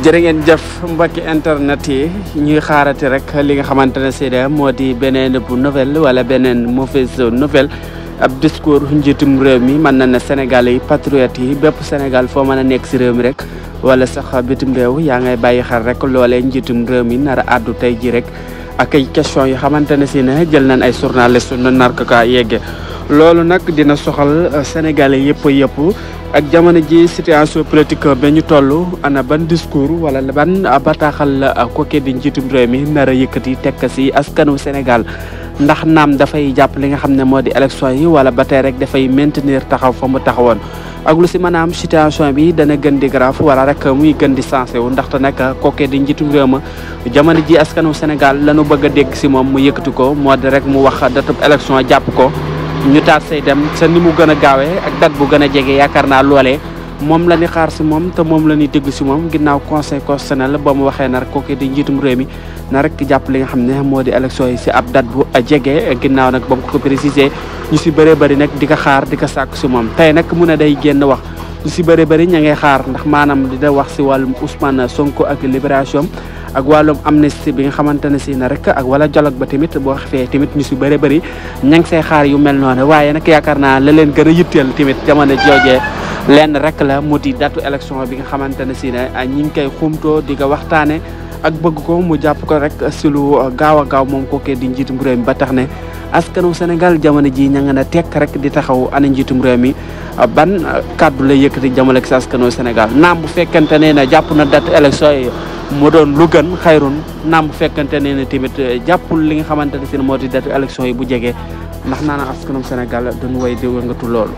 jërë ngeen jëf mbokki internet yi ñuy xaarati rek li nga xamante ne si moo di beneen bu nouvelle wala beneen mauvaise nouvelle ab discours njiitum réew mi mën na ne Sénégal yi patriote yi bépp Sénégal foo mën a nekk si réew mi rek wala sax bitim réew yaa ngay bàyyi xel rek loolee njiitum réew mi nar a àddu tey ji rek ak ay question yoo xamante ne si ne jël nañ ay journaliste na nar ko kaa yegge loolu nag dina soxal Sénégalais yëpp yëpp ak jamono ji situation politique ba ñu toll ana ban discours wala ban bataaxal la kooke njiitum réew mi nar a yëkkati tekk si askanu Sénégal ndax naam dafay jàpp li nga xam ne moo di élection yi wala ba tey rek dafay maintenir taxaw fa mu taxawoon. ak lu si maanaam situation bi dana gën di grave wala rek muy gën di sensé wu ndaxte nag kooke di njiitum réew ma jamono ji askanu Sénégal lañu bëgg a dégg si moom mu yëkkati ko moo di rek mu wax datub élection jàpp ko. ñu taat say dem sa ni mu gën a gaawee ak dat bu gën a jege yaakaar naa loole moom la ni xaar si moom te moom la ñuy déglu si moom ginnaaw conseil constitutionnel ba mu waxee na rek kooku di njiitum réew mi na rek jàpp li nga xam ne moo di élection yi si ab date bu jege ginnaaw nag ba mu ko précisé ñu si bëree bëri nag di ko xaar di ko sàkk si moom tey nag mun a day génn wax ñu si bëree bëri ña ngay xaar ndax maanaam di dina wax si wàllum Ousmane Sonko ak libération ak wàllum amnistie bi nga xamante ne si na rek ak wala dialogue ba tamit boo xefee tamit ñu si bëri bëri ña ngi say xaar yu mel noonu waaye nag yaakaar naa la leen gën a yitteel tamit jamono joojee lenn rek la mu di datu élection bi nga xamante ne si ne ñi ngi koy xumtoo di ko waxtaane ak bëgg ko mu jàpp ko rek si lu gaaw a gaaw moom kookee di njiitum réew mi ba tax ne askanu Sénégal jamono ji ña nga na tekk rek di taxaw ana njiitum réew mi ban kàddu la yëkkati jamono si askanu Sénégal naam bu fekkente ne na jàpp na date élection yi mu doon lu gën xayrun naam bu fekkante ne ne tamit eh, jàppul li nga xamante ne si moo di datu élection yi bu jege ndax naa na askanum Sénégal dañu way di wëngatu loolu